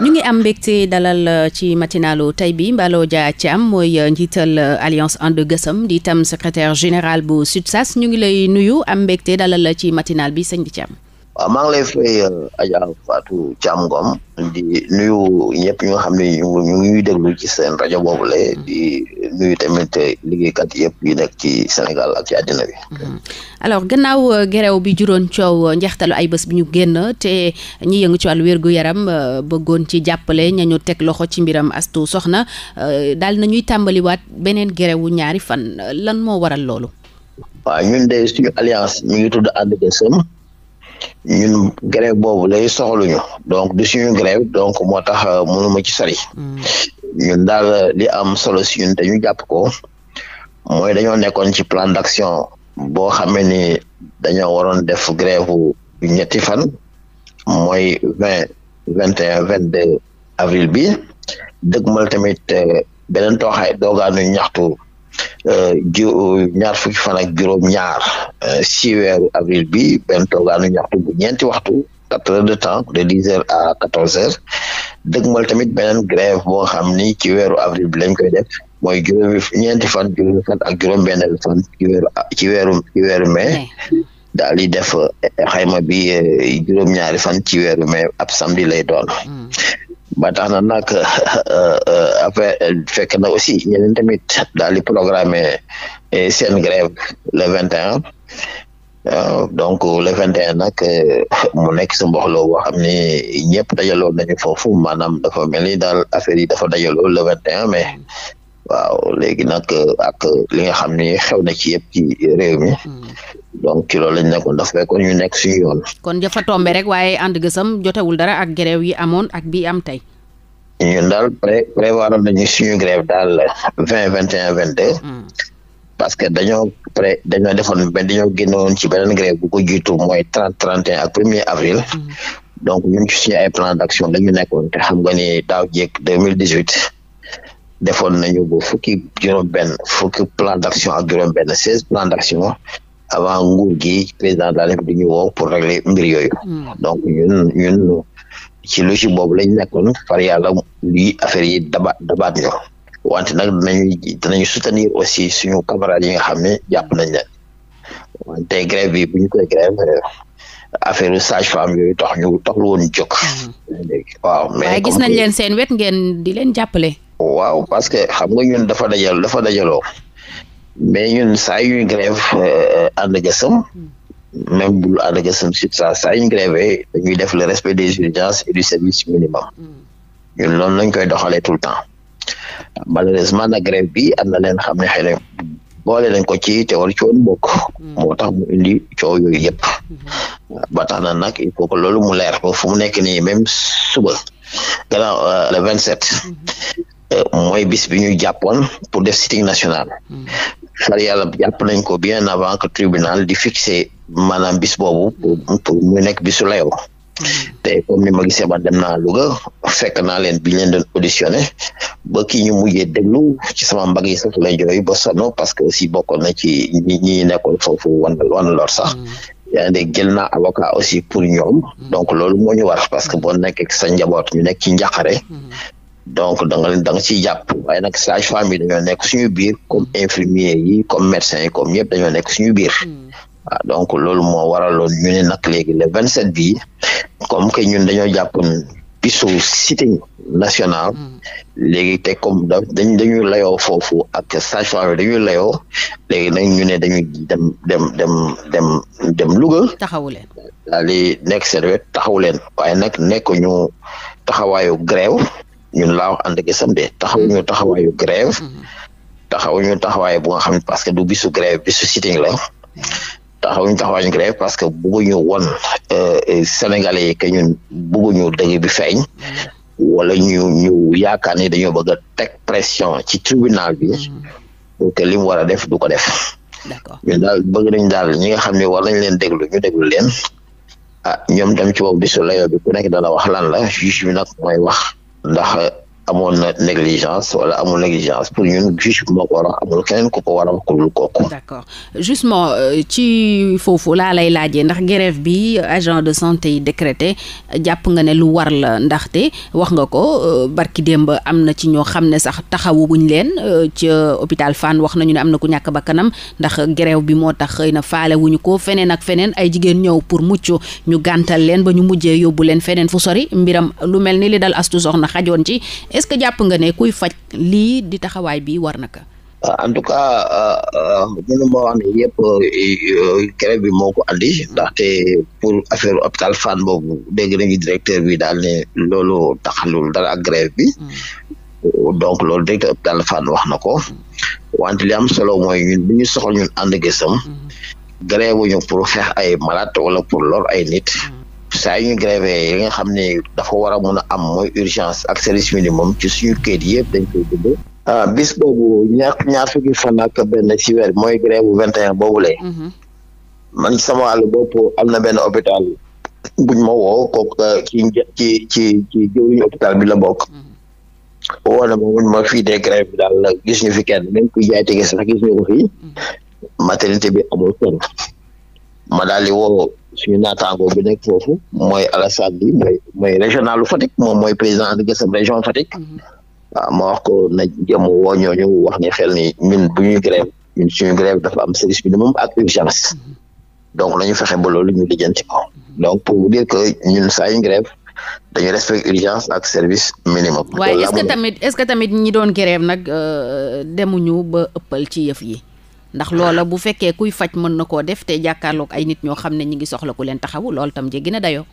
ñu ngi am mbégte dalal euh, ci matinalu tey bi Mballo Dia Thiam mooy euh, njiital euh, alliance de Gueusseum di itam secretaire général bu SUTSAS ñu ngi lay nuyu am mbégte dalal ci matinal bi sëñ bi Thiam waaw maa ngi lay fay euh, Adja Fatou Thiam Ngom nuyu ñëpp ñu xam ne ñu ñu ngi déglu ci seen rajo boobule mm-hmm. di nuyu tamit liggéeykat yëpp yi nekk ci Sénégal ak ci àddina bi. Mm-hmm. alors gannaaw euh, gerew bi juróon coow euh, njeextalu ay bés bi ñu génn te ñi yëngu ci wàllu wérgu yaram bëggoon ci jàppale ñañu teg loxo ci mbiram astu soxna daal na ñuy tàmbaliwaat beneen gerewu ñaari fan lan moo waral loolu. waaw ñun de suñu alliance mi ngi tudd ànd ñun grève boobu lay soxluñu donc du suñu grève donc moo tax euh, mënuma ci sori hmm. ñun daal euh, li am solo si te ñu jàpp ko mooy dañoo nekkoon ci plan d'action boo xamee ni dañoo waroon def grève ñetti fan mooy vingt vingt et un vingt deux avril bi dëgmal tamit euh, beneen tooxaay doogaanu ñaxtu ju ñaar fukki fan ak juróom-ñaar euh, si weeru avril bi benn toogaanu ñaxtu bu ñeenti waxtu quatre heures de temps de dix heures à quatorze heures dëgmal tamit beneen grève boo xam ni ci weeru avril bi lañ koy def mooy juróomi ñeenti fan juróomi fan ak juróom-benn fan ci weeru ci weeru ci daal di def xayma bi euh, juróom-ñaari fan ci weeru mai ab samedi lay doon. Hmm. ba tax na nag euh, après fekk na aussi ñeneen tamit daal di programmer eh, seen grève le vingt et un euh, donc le 21 nag euh, mu nekk su mboxloo boo xam ne ñëpp dajaloo nañu foofu maanaam dafa mel ni daal affaire yi dafa dajaloo le 21 mai waaw léegi nag euh, ak euh, li nga xam ni xew na ci yëpp ci réew mi hmm. donc kilo loolu lañ nekkoon dafa fekkoon ñu nekk suñu yoon. kon dafa tombe rek waaye ànd gësam jotewul dara ak grève yi amoon ak bii am tey. ñun daal pré prévoir nañu suñu grève daal vingt vingt et un vingt deux. Hmm. parce que dañoo pré dañoo defoon benn dañoo génnoon ci beneen grève bu ko jiitu mooy trente trente et un ak premier avril. Hmm. donc ñun ci suñu ay plan d' action nekkoon te xam nga ni daaw jéeg deux mille dix huit. defoon nañu ba fukki juróom-benn fukki plan d'action ak juróom-benn seize plan d'action avant nguur gi président de la République ñu woo pour régler mbir yooyu. Hmm. donc ñun ñun ci lu ci boobu lañ nekkoon par yàlla lii affaire yi daba dabaat ñu wante nag dinañu dinañu soutenir aussi suñu camarades yi nga xam ne jàpp nañ leen wante grève bi bu ñu koy grève affaire sage-femme yooyu tax ñu tax lu woon jóg. Hmm. waaw mais gis nañ leen seen wet ngeen di leen jàppale. waaw parce que xam nga ñun dafa dajal dafa dajaloo mais ñun saa yu ñu grève euh, ànd gësëm même bul ànd gësëm sur ça saa yu ñu grève dañuy def le respect des urgences et du service minimum ñun loolu lañ koy doxalee tout le temps malheureusement nag grève bi am na leen xam ne xëy na boole nañ ko ci te war ci woon bokk moo tax mu indi coow yooyu yëpp ba na nag il faut que loolu mu leer ba fu mu nekk nii même suba gannaaw euh, le vingt sept mooy bis bi ñu jàppoon pour def sitting national far hmm. yàlla jàpp nañ ko bien avant que tribunal di fixer maanaam bis boobu pour mu nekk bisu layoo hmm. te comme ni ma gisee man dem naa Louga fekk naa leen bi ñu leen doon auditionné ba kii ñu mujjee déglu ci sama mbag yi sax la jooy ba sonn parce que aussi bokkoon na ci ñi ñi nekkoon foofu wan wan lor sax hmm. yaa ngi jël naa avocat aussi pour ñoom donc loolu moo ñu war parce que boo nekkee sa njaboot ñu nekk ci njàqare donc da nga leen jàpp waaye nag sage femme yi dañoo nekk suñu biir comme infirmier yi comme médecin yi comme ñëpp dañoo nekk suñu biir hmm. waaw donc loolu moo waraloon ñu ne nag léegi le vingt set bii comme que ñun dañoo jàpp piso cité nationale hmm. léegi te comme da dañ dañuy layoo foofu ak sage femme yi dañuy layoo léegi nag ñu ne dañuy dem dem dem dem dem Louga taxawu leen daal di nekk seen wet taxawu leen waaye nag nekk ñu taxawaayu grève ñun laaw ànd ak sam de mm-hmm. taxawuñu taxawaayu grève mm-hmm. taxawuñu taxawaay bu nga xam ne parce que du bisu grève bisu sitting la mm-hmm. taxawuñu taxawaayu grève parce que bëgguñu won euh, euh, sénégalais yi que ñun bëgguñu dëgg bi feeñ wala ñu ñu yaakaar ni dañoo bëgg a teg pression ci tribunal bi pour que li mu war a def du ko def ñun daal bëgg nañ daal ñi nga xam ne war nañ leen déglu ñu déglu leen ah ñoom tam ci boobu bisu layoo bi ku nekk dana wax lan la juge bi nag mooy wax ndax amoon na négligence wala amul négligence pour ñun juge moo ko war a amul keneen ko war a wax ku dul kooku. d'accord justement euh, ci foofu laa lay laajee ndax grève bi agent de santé yi décrété jàpp nga ne lu war la ndaxte wax nga ko euh, barki démb am na ci ñoo xam ne sax taxawu buñ leen euh, ca hôpital Fann wax nañu ne am na ku ñàkk bakkanam ndax grève bi moo tax xëy na faalewuñu ko feneen ak feneen ay jigéen ñëw pour mucc ñu gàntal leen ba ñu mujjee yóbbu leen feneen fu sori mbiram lu mel ni li dal astu soxna xajoon est-ce que jàpp nga ne kuy faj lii di taxawaay bi war na ko ah, en tout cas mënu ah, ah, ma wax ne yëpp kere euh, bi moo ko andi ndaxte pour affaire hôpital Fann boobu dégg nañu directeur bi daal ne loolu taxalul dara ak grève bi hmm. euh, donc loolu directeur hôpital Fann wax na ko wante li am solo mooy ñun bu ñu soxla ñun ànd gësam hmm. grève wuñu pour xeex ay malade wala pour lool ay nit hmm. saa yi ñu yi nga xam ne dafa war a mun a am mooy urgence ak service minimum ci suñu kayit yëpp dañ koy bind. Ah, bis boobu ñaar ñaar fukki benn ci mooy grève bu 21 boobu la. man sama wàllu bopp am na benn hôpital buñ ma woo kooku ah, ci ci ci ci jëwriñu hôpital bi la bokk. Mhm. woo na ma buñ ma daal gis ñu fi kenn même kuy jaay mhm. bi amul kenn ma daal woo suñu naataangoo bi nekk foofu mooy Alassane bi mooy mooy régionalu Fatick moom mooy président de Gueusseum région Fatick waaw mhm. ah, ma wax ko na jëm woo ñooñu wax ni xel ni ñun bu ñuy grève ñun suñu dafa am service minimum ak urgence mhm. donc la fexe ba loolu ñu lijjanti ko donc pour vous dire que ñun saa yu grève dañu respect urgence ak service minimum. waaye est-ce tamit est-ce que tamit ñi doon grève nag euh, demuñu ba ëppal ci yëf yi. ndax loola bu fekkee kuy faj mën na koo def te jàkkaarloog ay nit ñoo xam ne ñi ngi soxla ku leen taxawu loolu tam jéggi na dayoo.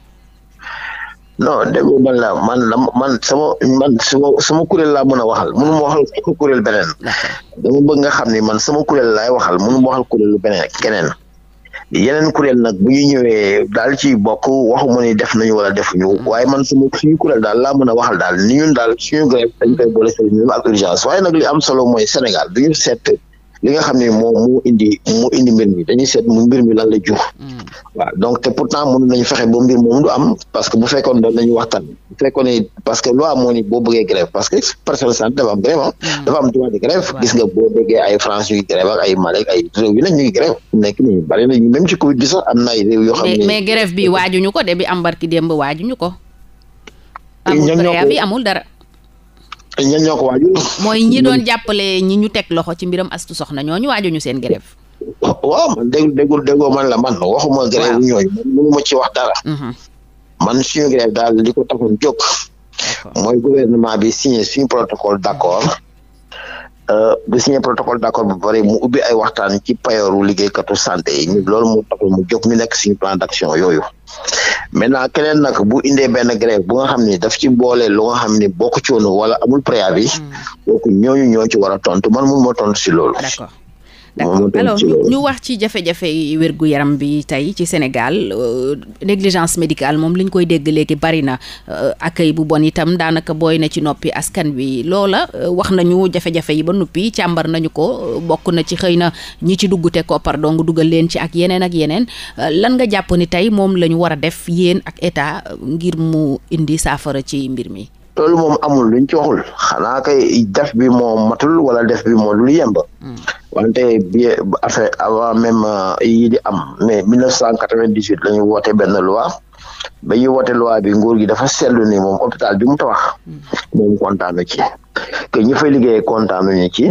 non dégg man la man man sama man sama sama kuréel laa mën a waxal mënu ma waxal kuréel beneen dama bëgg nga xam ni man sama kuréel laay waxal mënu ma waxal kuréelu beneen keneen yeneen kuréel nag bu ñu ñëwee daal ci bokk waxuma ni def nañu wala defu ñu mm-hmm. waaye man sama suñu kuréel daal laa mën a waxal daal ni ñun daal suñu grève dañ koy boole sa ñun ak urgence waaye nag li am solo mooy Sénégal du seet li nga xam ne moom mu indi moo indi mbir mi dañuy seet mu mbir mi lan la jur. Mm. waaw donc te pourtant mënu nañ fexe ba mbir moom du am parce que bu fekkoon doon nañu waxtaan bu fekkoon ne parce que loi boo bëggee grève parce que personnel santé dafa am ah. mm. boo déggee ay France ñuy grève ak ay Malek ay réew yi nag ñuy grève nekk ni bari nañu même ci Covid bi sax am na ay réew yoo xam ne waajuñu ko de bi am barki démb waajuñu ko amul dara ñan ñoo ko waaju mooy ñi doon jàppale ñi ñu teg loxo ci mbiram astu soxna ñooñu ñu seen grève waaw man dégg déggul déggoo man la man waxuma grève ñooñu man mënu ma ci wax dara mhm. man suñu grève daal li ko taxoon jóg mooy gouvernement bi signé suñu protocole d'accord Euh, bu signé protocole d'accord bu bare mu ubbi ay waxtaan ci payooru liggéey katu yi ñu loolu mu tax mu jóg mu nekk suñu plan d'action yooyu maintenant keneen nag bu indee benn grève bu nga xam ni daf ci boole lu nga xam ni bokku ci woon wala amul préavis mm. kooku ñooñu ñoo ci war a tontu man mun ma tontu si loolu. d'accord ñu wax ci jafe-jafe yi wérgu yaram bi tey ci Sénégal euh, négligence médicale moom lañ koy dégg léegi bari na euh, accueil bu bon itam daanaka booy na ci noppi askan wi loola euh, wax nañu jafe-jafe yi ba noppi càmbar nañu ko bokk na ci xëy na ñi ci dugg te koppar dong dugal leen ci ak yeneen ak yeneen lan nga jàpp ni tey moom la ñu war a def yéen ak état ngir mu indi saafara ci mbir mi loolu moom amul luñ ci waxul xanaa kay def bi moom matul wala def bi moo dul yemb hmm. wante bi affaire avant même euh, yi di am mais cent 1998 la ñu woote benn loi ba ñu woote loi bi nguur gi dafa seetlu ni moom hôpital bi mu tabax hmm. moom kontaanu ci que ñu fay liggéeyee kontaanuñu ci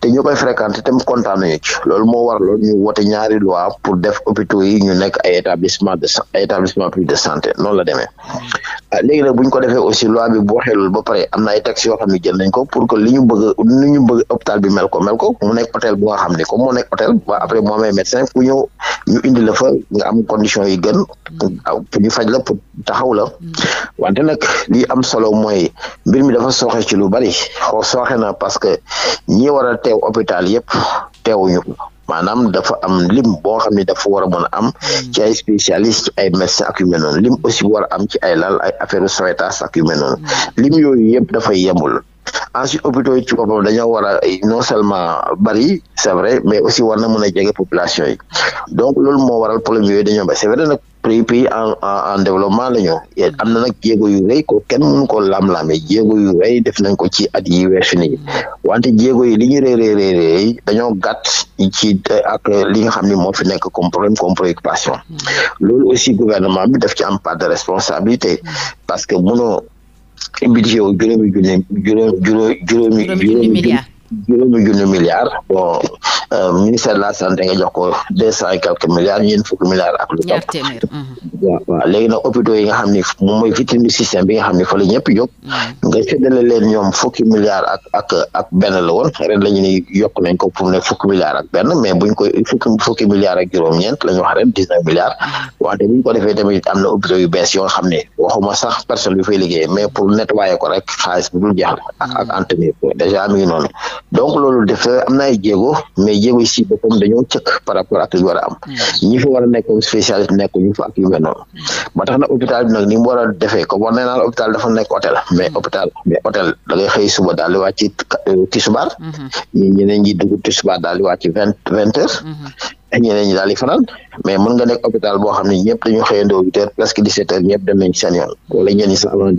te ñu koy fréquenté tam kontaanuñu ci loolu moo waraloon ñu wote ñaari loi pour def hôpitaux yi ñu nekk ay établissement de ay établissement public de santé noonu la demee hmm. léegi nag bu ko defee aussi loi bi boo xelul ba pare am na ay taxes yoo xam ne jël nañ ko pour que li ñu bëgg li ñu hôpital bi mel ko mel ko mu nekk hôtel bu nga xam ne comme mu nekk hôtel ba après moo amee médecin ku ñu indi la fa nga am condition yi gën pour ñu faj la pour taxaw la wante nag li am solo mooy mbir mi dafa sooxe ci lu bari xoo sooxe na parce que ñi war a teew hôpital yëpp teewuñu ko maanaam dafa am lim boo xam ne dafa war a mën a am hmm. ci ay spécialiste ay médecin ak yu mel noonu lim aussi war am ci ay lal ay affaire soétas ak yu mel noonu hmm. lim yooyu yëpp dafay yemul ensuite hôpitaux yi ci boppam dañoo war a non seulement bari c'est vrai mais aussi war na mën a jege population yi donc loolu moo waral problème yooyu dañoo ba c'est vrai nag pays pays en en développement la ñu am na nag jéego yu rey ko kenn mënu ko lam-lame jéego yu rëy def nañ ko ci at yi weesu nii wante jéego yi li ñu rëy rëy dañoo gàtt ci euh, ak li nga xam ni moo fi nekk comme problème comme préoccupation loolu aussi gouvernement bi def ci am part de responsabilité parce que mënoo budget wu juróomi junni juróom juróom juróomi juróomi junni milliard Euh, ministère de la santé nga jox ko deux cent quelques milliards ñeent fukki milliards ak lu topp waaw mhm. léegi yi nga xam ni moom mooy vitrine du système bi nga xam ni fa la ñëpp jóg fukki milliards ak ak ak la woon ren la nañ ko pour ne fukki milliards ak mais buñ koy fukki fukki milliards ak juróom-ñeent la ñu wax ren dix neuf milliards waxte buñ ko defee tamit am na hôpitaux yu yoo xam ne waxuma sax personne yu fay liggéey mais pour nettoyer ko rek mm. ko déjà mi ngi noonu donc loolu def mais jéego si boppam dañoo cëkk par rapport ak li war a am ñi fa a nekk comme nekk ñu fa ak yu mel noonu mm. hôpital ni mu a defee comme war nee hôpital dafa nekk hôtel mais mm. hôpital mais hôtel da daal di fanaan mais mën nga nekk hôpital boo xam ne ñëpp dañu xëyandoo huit heures presque dix sept heures ñëpp dem nañ seen wala ñenn ñi sax avant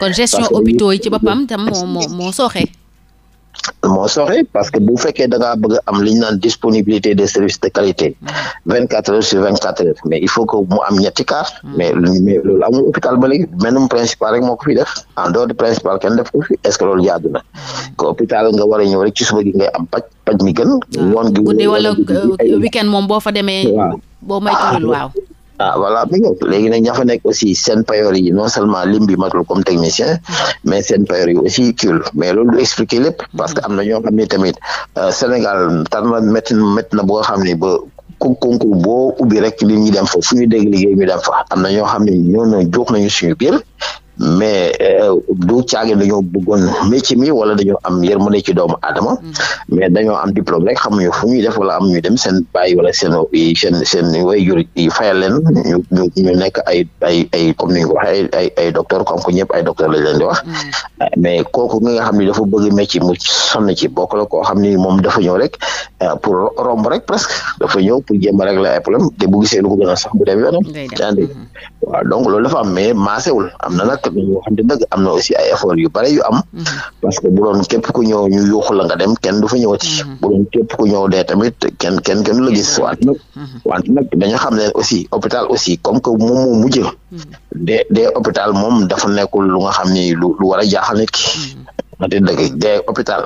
kon gestion hôpitaux yi ci boppam tam moo moo moo soxe parce que bu fekkee da ngaa bëgg a am li ñu naan disponibilité des services de qualité mm. vingt quatre heures sur vingt quatre heures mais il faut que mu am ñetti mm. mais mais loolu hôpital ba léegi benn principal rek moo ko fi def en dehors de principal kenn def ko fi est que loolu jaadu na mm. hôpital nga war a rek ci suba gi ngay am paj paj mi gën. Ah. ngoon gi weekend moom boo fa demee. boo may ah. waaw. ah voilà mi ngi léegi nag ña fa nekk aussi seen payoor yi non seulement lim bi matul comme technicien mais seen payoor yi aussi cul mais loolu du expliquer lépp parce que am na ñoo xam ne tamit euh, Sénégal tan na métti métti na boo xam ne ba ku concours boo ubbi rek li ñu dem fa fu ñu dégg liggéey ñu dem fa am na ñoo xam ne ñoo ñoo jox nañu suñu biir mais euh, du caage dañoo bëggoon métier mi wala dañoo am yërmande ci doomu aadama mm. mais dañoo am diplôme rek xamuñu fu ñuy def wala am dem seen bàyyi wala seen seen seen waajur yi fayal leen ñu ñu nekk ay ay ay comme ni ko waxee ay ay docteur comme que ñëpp ay docteur lañ leen di wax mm. mais kooku nga xam ni dafa bëgg métier mu sonn ci bokk la koo xam ni moom dafa ñëw rek euh, pour romb rek presque dafa ñëw pour jéem a régler ay problème te bu gisee lu ko gën a sax bu dem yoonam mm-hmm. waaw donc loolu dafa am mais maasewul am na tamit ñu waxante dëgg am na aussi ay effort yu bare yu am mhm. parce que bu doon képp ku la nga dem kenn du fa ñëwati mhm. bu doon képp ku ñëw dee tamit kenn kenn kenn du la gis wante nag mhm. wante nag dañu xam ne aussi hôpital aussi comme que moom moo mujj de dee hôpital moom dafa nekkul lu nga xam ni lu lu war a jaaxal nit ki wante dëgg hôpital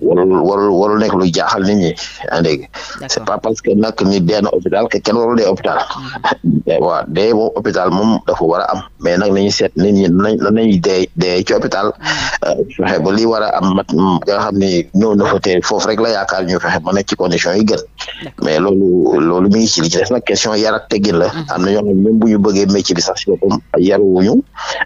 warul warul warul nekk lu jaaxal nit ñi yaa dégg c'est pas parce que nag nit deena na hôpital que kenn warul dee hôpital mm. waaw dee moom hôpital moom dafa war a am mais nag nañu seet nit ñi nañ nañu dee dee ci hôpital mm. euh, fexe ba li war a am mat mm, nga xam ne ñëw na fa te foofu rek la yaakaar ñu fexe ba nekk ci condition yi gën mais loolu mi ngi ci li ci des nag question yar ak teggin la am na ñoo xam ne même bu ñu bëggee métier bi sax si boppam yaruwuñu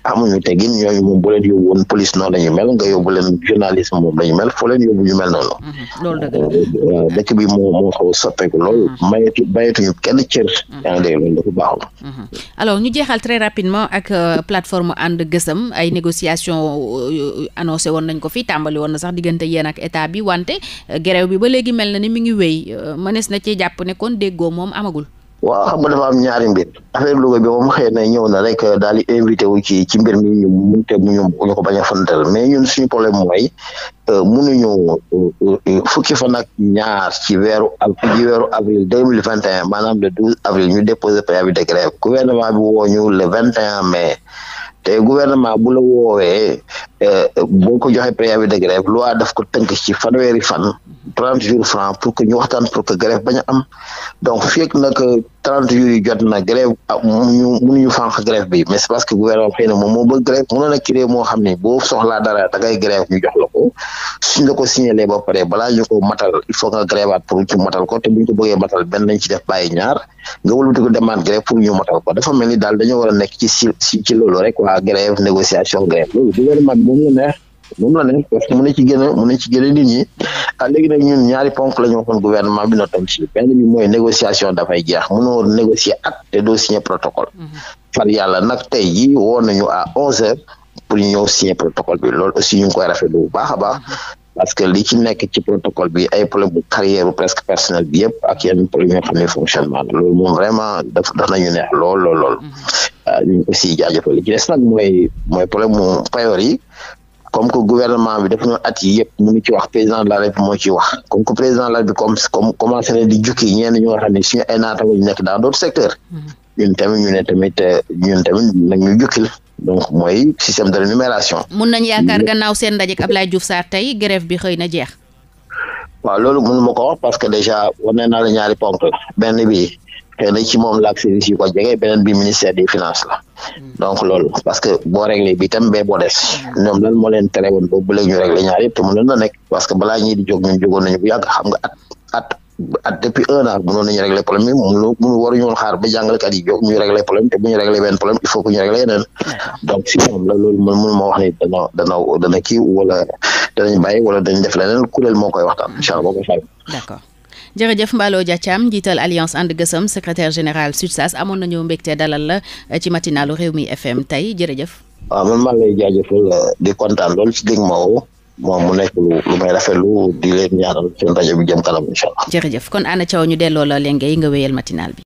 amuñu teggin ñooñu moom bu leen yóbbu woon police noonu lañu mel nga yóbbu leen journalisme moom lañu mel foo leen yóbbu yu mel noonu. Mm-hmm. loolu dëgg euh, euh, dëkk bi moo moo xaw a soppeeku loolu. Mm-hmm. mayatu mayatuñu kenn cër. Mm-hmm. yaa ngi loolu dafa baaxul. alors ñu jeexal très rapidement ak euh, plateforme ànd gësëm ay négociation annoncé woon nañ ko fii tàmbali woon na sax diggante yéen ak état bi wante grève bi ba léegi mel na ni mi ngi wéy mënees na ci jàpp ne kon déggoo moom amagul. waaw xam nga dafa am ñaari mbir affaire Louga bi moom xëy na ñëw na rek daal di invité wu ci ci mbir mi ñu munte mu ñu ko bañ a fantal mais ñun suñu problème mooy euh, mënuñu euh, euh, fukki fan ak ñaar ci weeru ci weeru avril deux mille vingt et un maanaam le douze avril ñu déposé préavis de grève gouvernement bi woo ñu le vingt et mais te gouvernement bu la woowee boo ko joxee préavis de grève loi def ko tënk ci fanweeri fan trente jours francs pour que ñu waxtaan pour que grève bañ am donc fekk nag trente jours yi jot na grève ah munuñu munuñu fànq bi mais c'est parce que gouvernement xëy na moom moo bëgg grève mënoon a créer moo xam ne boo soxlaa dara da ngay grève ñu jox la ko suñ la ko signaler ba pare balaa ñu ko matal il faut nga grévaat pour ñu matal ko te buñ ko bëggee matal benn lañ ci def bàyyi ñaar nga wëlbati ko demande grève pour ñu matal ko dafa mel ni daal dañoo war a nekk ci si ci loolu rek waa grève négociation grève loolu gouvernement bi neex moom la nekk parce ne ci gën a mu ne ci gën a nit ñi ah, ñun ñaari ponk la ñu waxoon gouvernement bi na toll si benn bi mooy négociation dafay jeex mënoo négocier acte te doo signer protocole mhm. far yàlla nag tey ji woo nañu à onze heures pour ñu ñëw signer protocole bi loolu aussi ñu ngi koy rafetlu bu baax a baax mhm. parce que li ci nekk ci protocole bi ay problème bu carrière presque personnel bi yëpp ak yenn problème fonctionnement la loolu moom vraiment daf na ñu neex lool lool lool mhm. ah, ñu aussi li ci des nag mooy mooy problème yi comme que gouvernement bi def na at yi yëpp mu ngi ci wax président de la République moo ci wax comme que commencé na di jukki ñenn ñu nga xam ne suñu ay ñu nekk dans d'autres secteurs mm-hmm. ñun tamit ñu ne tamit ñun tamit nag ñu jukkil donc mooy système de rémunération. mun nañ yaakaar gannaaw seen ndaje ak Abdoulaye Diouf Sarr tey grève bi xëy na jeex. waaw loolu mënu ma ko wax parce que déjà wane naa la ñaari ponk la benn bi kenn ci moom la ak service beneen bi ministère des finances la mm. donc loolu parce que boo réglé bi tam bee boo des mm. ñoom lan moo leen tere woon boobu léegi ñu réglé te mënoon na nekk parce que balaa ñii di jóg ñun jógoon nañu bu yàgg xam nga nañu réglé problème yi mënu mënu waruñu woon xaar ba jàngalekat yi jóg ñu réglé problème te bu ñu réglé benn problème il faut que ñu réglé yeneen donc si moom la loolu mën mënu ma wax ni dana dana dana kii wala danañ bàyyi wala dañ def leneen kuréel moo koy waxtaan incha jërëjëf Mballo Dia Thiam njiital alliance ànd gësëm secretaire général SUTSAS amoon nañu mbégte dalal la eh, ci matinalu mi FM tey jërëjëf. waaw man maa ngi lay jaajëfal eh, di kontaan lool si dégg ma woo moom mu nekk lu may rafetlu di leen ñaanal seen rajo bi jëm kanam incha allah. jërëjëf kon Anna Thiaw ñu delloo la lenge yi nga wéyal matinaal bi.